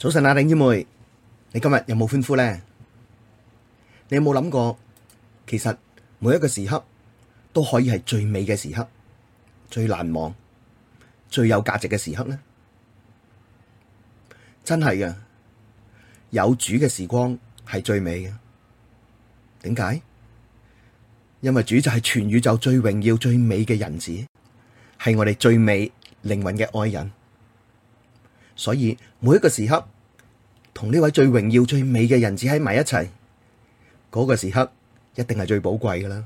早晨啊，玲姨妹，你今日有冇歡呼咧？你有冇諗過，其實每一個時刻都可以係最美嘅時刻，最難忘、最有價值嘅時刻咧？真係㗎，有主嘅時光係最美嘅。點解？因為主就係全宇宙最榮耀、最美嘅人子，係我哋最美靈魂嘅愛人。所以每一個時刻同呢位最榮耀、最美嘅人子喺埋一齊，嗰、那個時刻一定係最寶貴㗎喇！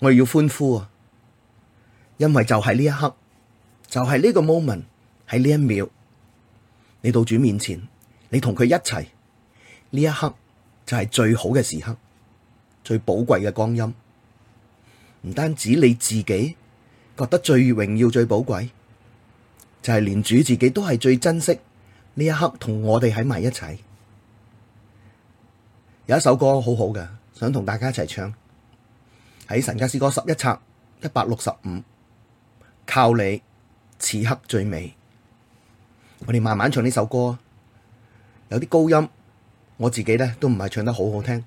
我要歡呼啊，因為就係呢一刻，就係、是、呢個 moment 喺呢一秒，你到主面前，你同佢一齊，呢一刻就係最好嘅時刻，最寶貴嘅光陰。唔單止你自己覺得最榮耀、最寶貴。就係連主自己都係最珍惜呢一刻同我哋喺埋一齊。有一首歌好好嘅，想同大家一齊唱。喺神家詩歌十一冊一百六十五，靠你，此刻最美。我哋慢慢唱呢首歌，有啲高音，我自己呢都唔係唱得好好聽，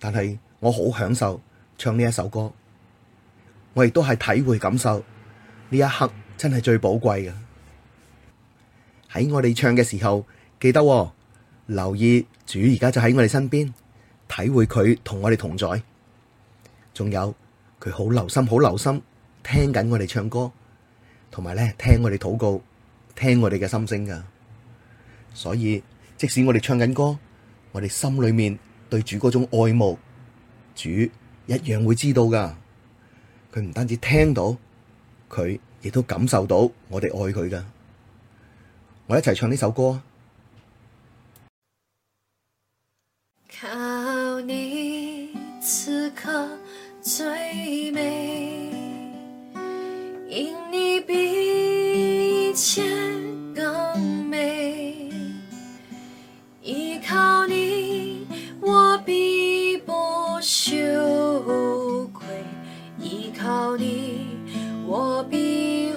但係我好享受唱呢一首歌。我亦都係體會感受呢一刻。真係最寶貴嘅。喺我哋唱嘅時候，記得哦，留意主而家就喺我哋身邊，體會佢同我哋同在。仲有，佢好留心，好留心聽緊我哋唱歌，同埋咧，聽我哋禱告，聽我哋嘅心聲噶。所以即使我哋唱緊歌，我哋心裏面對主嗰種愛慕，主一樣會知道噶。佢唔單止聽到，佢。亦都感受到我哋愛佢㗎，我一齊唱呢首歌。靠你，此刻最美，因你比一切更美。依靠你，我必不羞愧。依靠你，我必。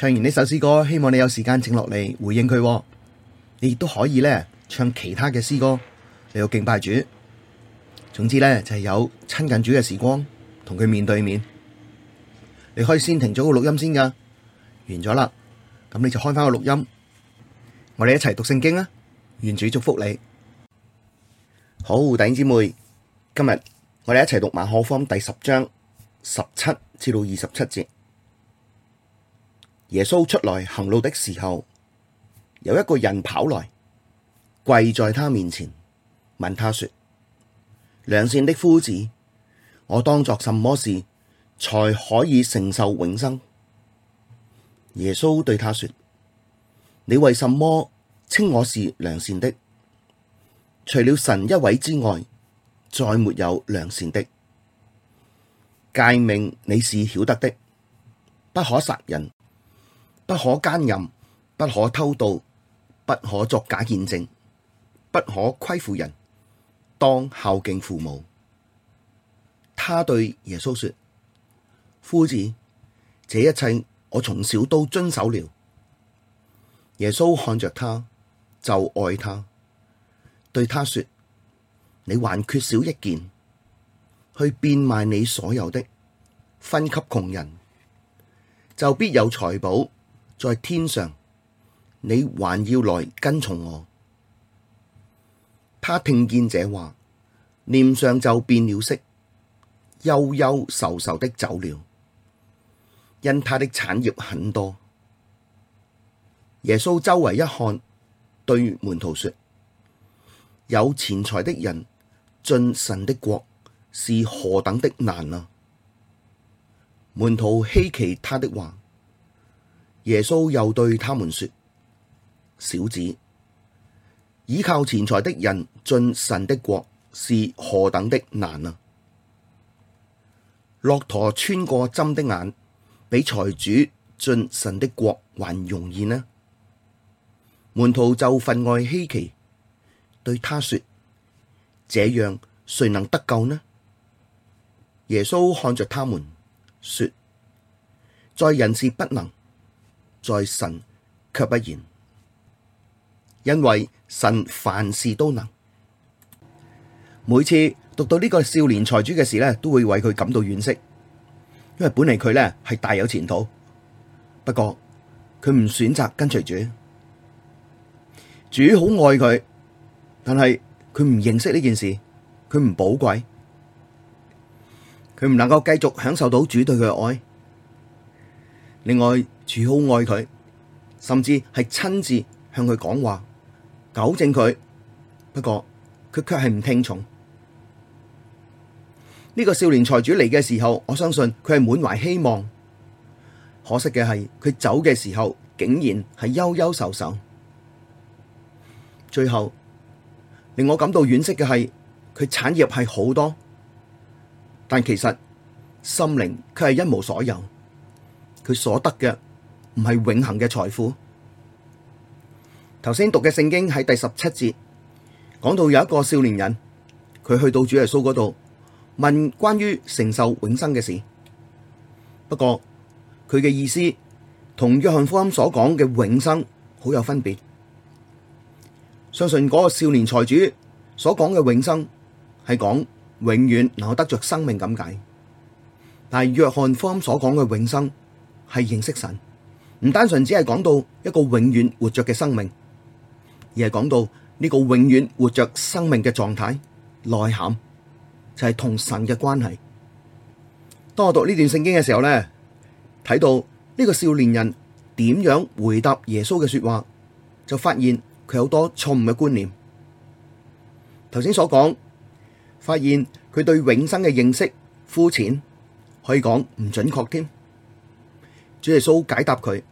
唱完呢首詩歌，希望你有時間靜落嚟回應佢。你亦都可以咧唱其他嘅詩歌，你要敬拜主。總之咧就係有親近主嘅時光，同佢面對面。你可以先停咗個錄音先㗎，完咗啦，咁你就開返個錄音。我哋一齊讀聖經啊！願主祝福你。好，弟兄姊妹，今日我哋一齊讀馬可福音第十章十七至到二十七節。耶穌出來行路的時候，有一個人跑來跪在他面前，問他說：良善的夫子，我當作什麼事才可以承受永生？耶穌對他說：你為什麼稱我是良善的？除了神一位之外，再沒有良善的。誡命你是曉得的，不可殺人。不可奸淫，不可偷盜，不可作假見證，不可虧負人。當孝敬父母。他對耶穌說：夫子，這一切我從小都遵守了。耶穌看着他，就愛他，對他說：你還缺少一件，去變賣你所有的，分給窮人，就必有財寶。在天上，你還要來跟從我。他聽見這話，臉上就變了色，憂憂愁愁愁的走了。因他的產業很多。耶穌周圍一看，對門徒說：有錢財的人進神的國是何等的難啊！門徒希奇他的話。耶穌又對他們說：小子，倚靠錢財的人進神的國是何等的難啊！駱駝穿過針的眼，比財主進神的國還容易呢。門徒就分外希奇，對他說：這樣誰能得救呢？耶穌看着他們說：在人是不能。在神卻不然，因為神凡事都能。每次讀到呢個少年財主嘅事咧，都會為佢感到惋惜，因為本嚟佢咧係大有前途，不過佢唔選擇跟隨主，主好愛佢，但係佢唔認識呢件事，佢唔寶貴，佢唔能夠繼續享受到主對佢嘅愛。另外，主好愛佢，甚至係親自向佢講話，糾正佢。不過卻不，佢卻係唔聽從。呢個少年財主嚟嘅時候，我相信佢係滿懷希望。可惜嘅係，佢走嘅時候，竟然係憂憂愁愁。最後，令我感到惋惜嘅係，佢產業係好多，但其實心靈卻係一無所有。佢所得嘅唔係永恒嘅財富。頭先讀嘅聖經喺第十七節，講到有一個少年人，佢去到主耶穌嗰度問關於承受永生嘅事。不過佢嘅意思同約翰福音所講嘅永生好有分別。相信嗰個少年財主所講嘅永生係講永遠能夠得着生命咁解，但係約翰福音所講嘅永生。係認識神，唔單純只係講到一個永遠活着嘅生命，而係講到呢個永遠活着生命嘅狀態內涵，就係、是、同神嘅關係。當我讀呢段聖經嘅時候呢，睇到呢個少年人點樣回答耶穌嘅說話，就發現佢好多錯誤嘅觀念。頭先所講，發現佢對永生嘅認識膚淺，可以講唔準確添。主耶穌解答佢，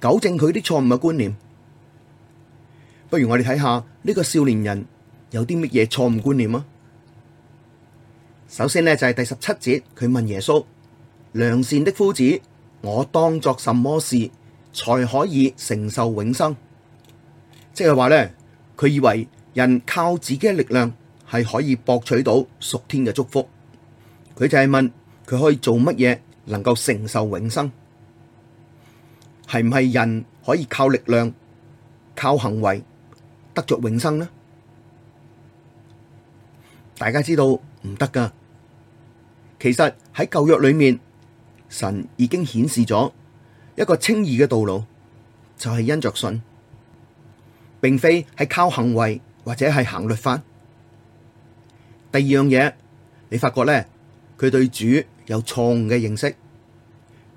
糾正佢啲錯誤嘅觀念。不如我哋睇下呢個少年人有啲乜嘢錯誤觀念啊？首先呢，就係第十七節，佢問耶穌：良善的夫子，我當作什麼事，才可以承受永生？即係話呢，佢以為人靠自己嘅力量係可以博取到屬天嘅祝福。佢就係問佢可以做乜嘢？能夠承受永生，係唔係人可以靠力量、靠行為得着永生呢？大家知道唔得噶。其實喺舊約裏面，神已經顯示咗一個稱義嘅道路，就係因着信，並非係靠行為或者係行律法。第二樣嘢，你發覺咧，佢對主。有錯誤嘅認識，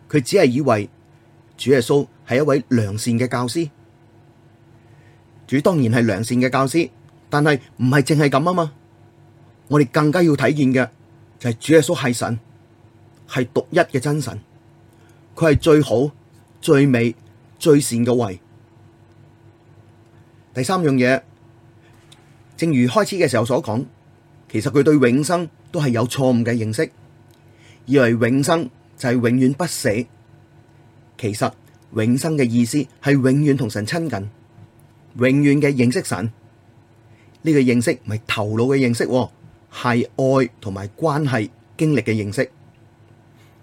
佢只係以為主耶穌係一位良善嘅教師。主當然係良善嘅教師，但係唔係淨係咁啊嘛！我哋更加要體現嘅就係、是、主耶穌係神，係獨一嘅真神，佢係最好、最美、最善嘅位。第三樣嘢，正如開始嘅時候所講，其實佢對永生都係有錯誤嘅認識。以為永生就係永遠不死，其實永生嘅意思係永遠同神親近，永遠嘅認識神。呢個認識唔係頭腦嘅認識，係愛同埋關係經歷嘅認識。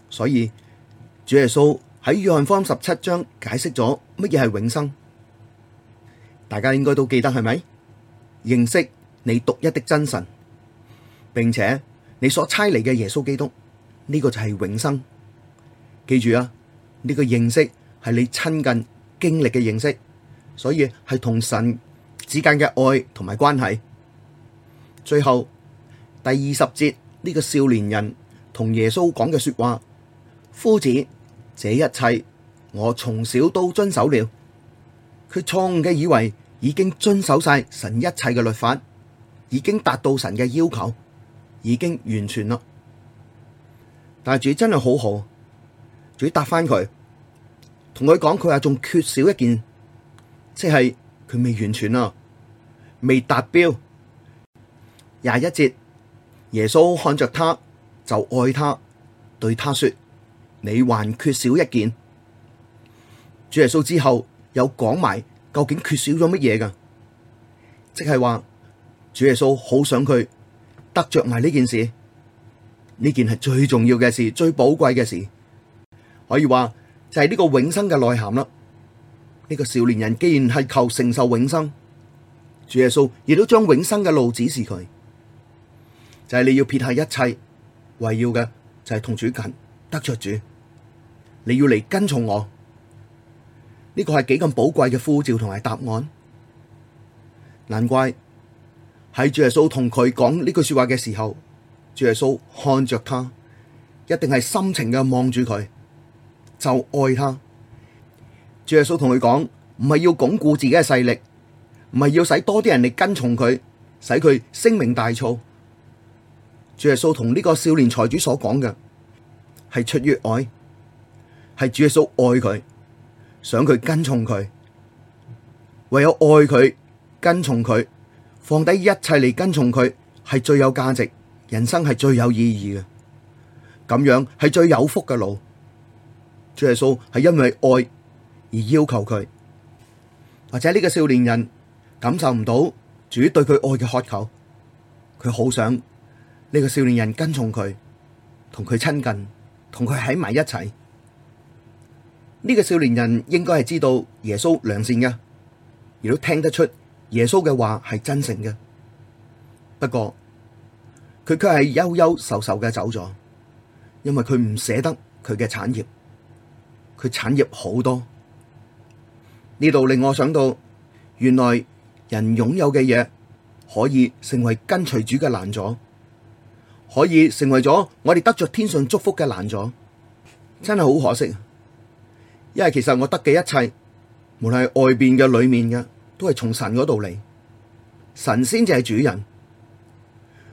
所以主耶穌喺約翰方十七章解釋咗乜嘢係永生，大家應該都記得係咪？認識你獨一的真神，並且你所差嚟嘅耶穌基督。呢個就係永生，記住啊！呢個認識係你親近經歷嘅認識，所以係同神之間嘅愛同埋關係。最後第二十節呢個少年人同耶穌講嘅說話：夫子，這一切我從小都遵守了。佢錯誤嘅以為已經遵守晒神一切嘅律法，已經達到神嘅要求，已經完全啦。但係主真係好好，主要答翻佢，同佢講佢話仲缺少一件，即係佢未完全啦，未達標。廿一節，耶穌看着他就愛他，對他說：你還缺少一件。主耶穌之後又講埋究竟缺少咗乜嘢噶，即係話主耶穌好想佢得着埋呢件事。呢件係最重要嘅事，最寶貴嘅事，可以話就係呢個永生嘅內涵啦。呢個少年人既然係求承受永生，主耶穌亦都將永生嘅路指示佢，就係你要撇下一切，圍繞嘅就係同主緊，得着主，你要嚟跟從我。呢個係幾咁寶貴嘅呼召同埋答案。難怪喺主耶穌同佢講呢句說話嘅時候。主耶穌看着他，一定係深情嘅望住佢，就愛他。主耶穌同佢講，唔係要鞏固自己嘅勢力，唔係要使多啲人嚟跟從佢，使佢聲名大噪。主耶穌同呢個少年財主所講嘅，係出於愛，係主耶穌愛佢，想佢跟從佢，唯有愛佢跟從佢，放低一切嚟跟從佢，係最有價值。人生係最有意義嘅，咁樣係最有福嘅路。主耶穌係因為愛而要求佢，或者呢個少年人感受唔到主對佢愛嘅渴求，佢好想呢個少年人跟從佢，同佢親近，同佢喺埋一齊。呢、這個少年人應該係知道耶穌良善嘅，亦都聽得出耶穌嘅話係真誠嘅。不過，佢卻係憂憂愁愁嘅走咗，因為佢唔捨得佢嘅產業，佢產業好多。呢度令我想到，原來人擁有嘅嘢可以成為跟隨主嘅攔阻，可以成為咗我哋得着天上祝福嘅攔阻。真係好可惜，因為其實我得嘅一切，無論係外邊嘅、裏面嘅，都係從神嗰度嚟，神先就係主人。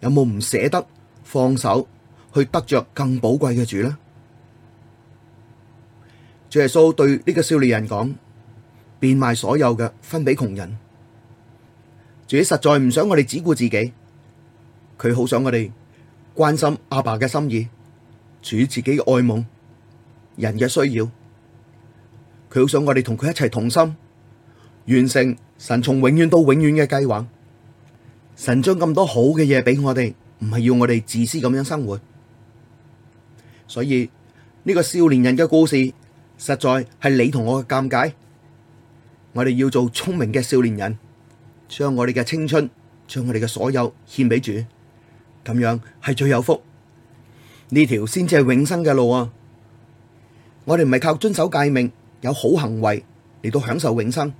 有冇唔捨得放手去得着更寶貴嘅主呢？主耶穌對呢個少年人講：變賣所有嘅，分俾窮人，主實在唔想我哋只顧自己，佢好想我哋關心阿爸嘅心意，主自己嘅愛慕，人嘅需要，佢好想我哋同佢一齊同心，完成神從永遠到永遠嘅計劃。神將咁多好嘅嘢俾我哋，唔係要我哋自私咁樣生活。所以呢個少年人嘅故事，實在係你同我嘅尷尬。我哋要做聰明嘅少年人，將我哋嘅青春，將我哋嘅所有獻俾主，咁樣係最有福。呢條先至係永生嘅路啊！我哋唔係靠遵守誡命，有好行為嚟到享受永生，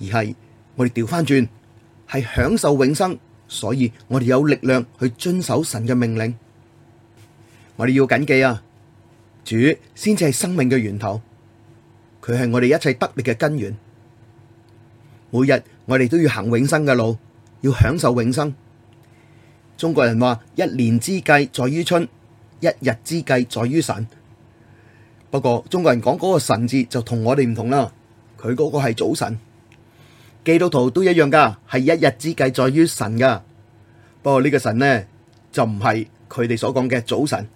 而係我哋調翻轉。係享受永生，所以我哋有力量去遵守神嘅命令。我哋要謹記啊，主先至係生命嘅源頭，佢係我哋一切得力嘅根源。每日我哋都要行永生嘅路，要享受永生。中國人話：一年之計在於春，一日之計在於晨。不過中國人講嗰個神字就同我哋唔同啦，佢嗰個係早晨。基督徒都一樣噶，係一日之計在於神噶。不過呢個神呢就唔係佢哋所講嘅早晨，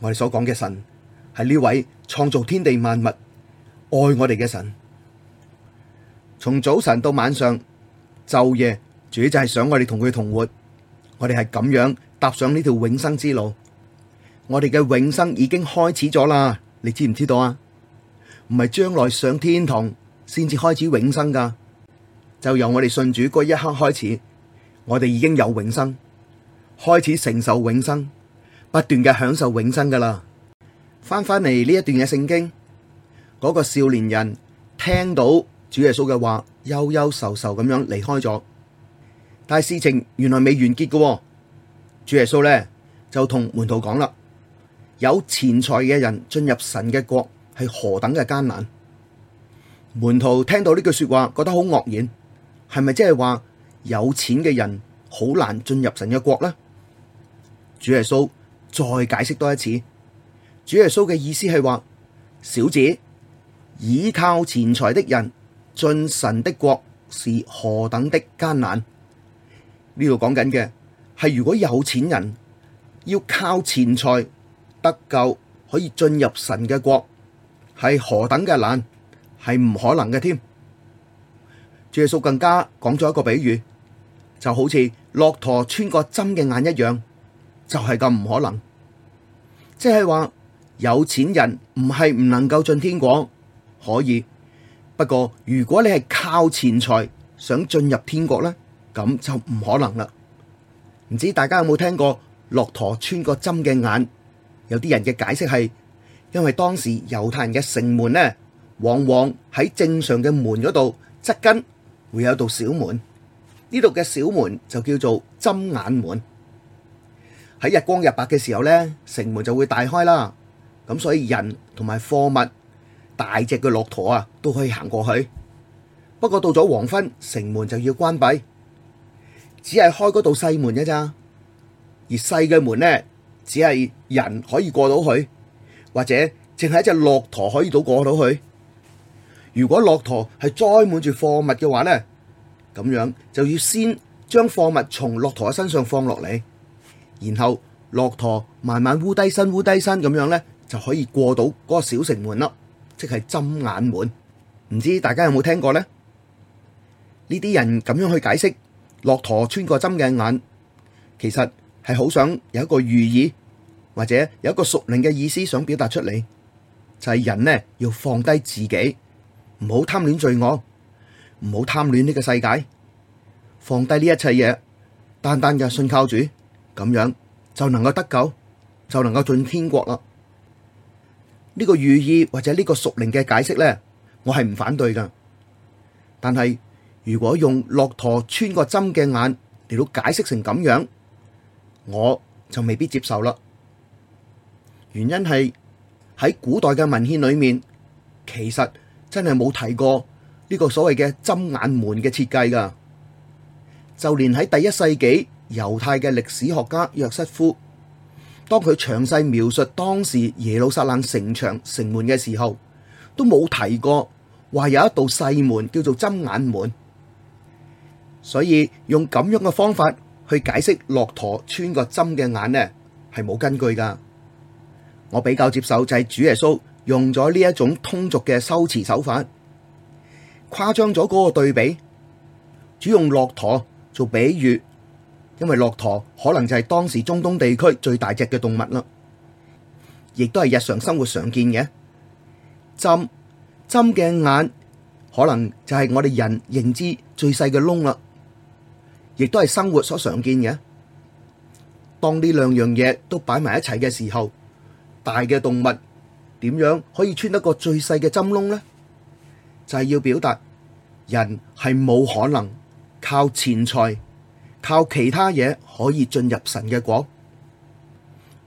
我哋所講嘅神係呢位創造天地萬物、愛我哋嘅神。從早晨到晚上、晝夜，主要就係想我哋同佢同活，我哋係咁樣踏上呢條永生之路。我哋嘅永生已經開始咗啦，你知唔知道啊？唔係將來上天堂先至開始永生噶。就由我哋信主嗰一刻開始，我哋已經有永生，開始承受永生，不斷嘅享受永生噶啦。翻返嚟呢一段嘅聖經，嗰、那個少年人聽到主耶穌嘅話，憂憂愁愁咁樣離開咗。但係事情原來未完結噶，哦，主耶穌呢，就同門徒講啦：有錢財嘅人進入神嘅國係何等嘅艱難。門徒聽到呢句說話，覺得好愕然。係咪即係話有錢嘅人好難進入神嘅國呢？主耶穌再解釋多一次，主耶穌嘅意思係話：小子，倚靠錢財的人進神的國是何等的艱難！呢度講緊嘅係如果有錢人要靠錢財得救可以進入神嘅國，係何等嘅難，係唔可能嘅添。耶穌更加講咗一個比喻，就好似駱駝穿過針嘅眼一樣，就係咁唔可能。即係話有錢人唔係唔能夠進天國，可以。不過如果你係靠錢財想進入天國咧，咁就唔可能啦。唔知大家有冇聽過駱駝穿過針嘅眼？有啲人嘅解釋係因為當時猶太人嘅城門咧，往往喺正常嘅門嗰度側跟。會有道小門，呢度嘅小門就叫做針眼門。喺日光日白嘅時候呢，城門就會大開啦。咁所以人同埋貨物、大隻嘅駱駝啊，都可以行過去。不過到咗黃昏，城門就要關閉，只係開嗰道細門嘅咋。而細嘅門呢，只係人可以過到去，或者淨係一隻駱駝可以到過到去。如果駱駝係載滿住貨物嘅話呢，咁樣就要先將貨物從駱駝身上放落嚟，然後駱駝慢慢彎低身彎低身咁樣呢，就可以過到嗰個小城門啦，即係針眼門。唔知大家有冇聽過呢？呢啲人咁樣去解釋駱駝穿過針嘅眼，其實係好想有一個寓意，或者有一個屬靈嘅意思想表達出嚟，就係、是、人呢，要放低自己，唔好貪戀罪惡。唔好貪戀呢個世界，放低呢一切嘢，單單嘅信靠主，咁樣就能夠得救，就能夠進天國啦。呢個寓意或者呢個屬靈嘅解釋呢，我係唔反對噶。但係如果用駱駝穿個針嘅眼嚟到解釋成咁樣，我就未必接受啦。原因係喺古代嘅文獻裏面，其實真係冇提過。呢個所謂嘅針眼門嘅設計噶就連喺第一世紀猶太嘅歷史學家約瑟夫，當佢詳細描述當時耶路撒冷城牆城門嘅時候，都冇提過話有一道細門叫做針眼門。所以用咁樣嘅方法去解釋駱駝穿個針嘅眼呢，係冇根據噶。我比較接受就係主耶穌用咗呢一種通俗嘅修辭手法。誇張咗嗰個對比，主用駱駝做比喻，因為駱駝可能就係當時中東地區最大隻嘅動物啦，亦都係日常生活常見嘅。針，針嘅眼可能就係我哋人認知最細嘅窿啦，亦都係生活所常見嘅。當呢兩樣嘢都擺埋一齊嘅時候，大嘅動物點樣可以穿一個最細嘅針窿呢？就係要表達，人係冇可能靠錢財、靠其他嘢可以進入神嘅國，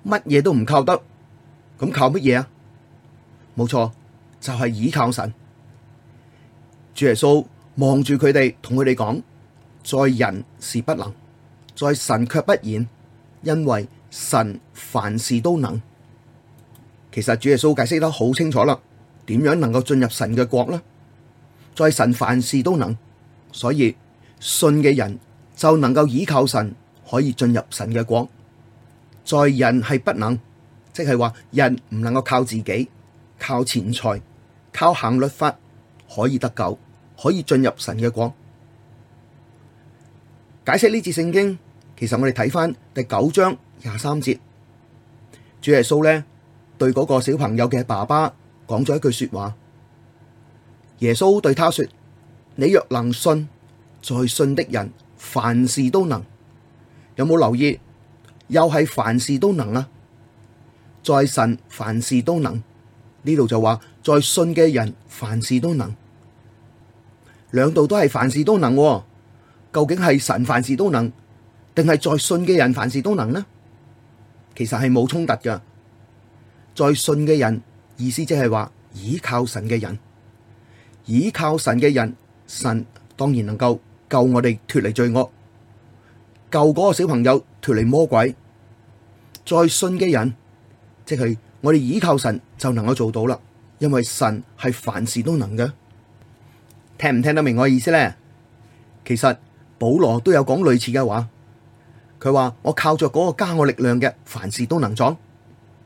乜嘢都唔靠得，咁靠乜嘢啊？冇錯，就係、是、倚靠神。主耶穌望住佢哋，同佢哋講：在人是不能，在神卻不染，因為神凡事都能。其實主耶穌解釋得好清楚啦，點樣能夠進入神嘅國呢？在神凡事都能，所以信嘅人就能夠倚靠神，可以進入神嘅國。在人係不能，即係話人唔能夠靠自己、靠錢財、靠行律法可以得救，可以進入神嘅國。解釋呢節聖經，其實我哋睇翻第九章廿三節，主耶穌咧對嗰個小朋友嘅爸爸講咗一句說話。耶穌對他說：你若能信，在信的人凡事都能。有冇留意？又係凡事都能啊！在神凡事都能，呢度就話在信嘅人凡事都能。兩度都係凡事都能，究竟係神凡事都能，定係在信嘅人凡事都能呢？其實係冇衝突噶。在信嘅人意思即係話倚靠神嘅人。倚靠神嘅人，神當然能夠救我哋脫離罪惡，救嗰個小朋友脫離魔鬼。再信嘅人，即係我哋倚靠神就能夠做到啦，因為神係凡事都能嘅。聽唔聽得明我意思咧？其實保羅都有講類似嘅話，佢話我靠着嗰個加我力量嘅，凡事都能作。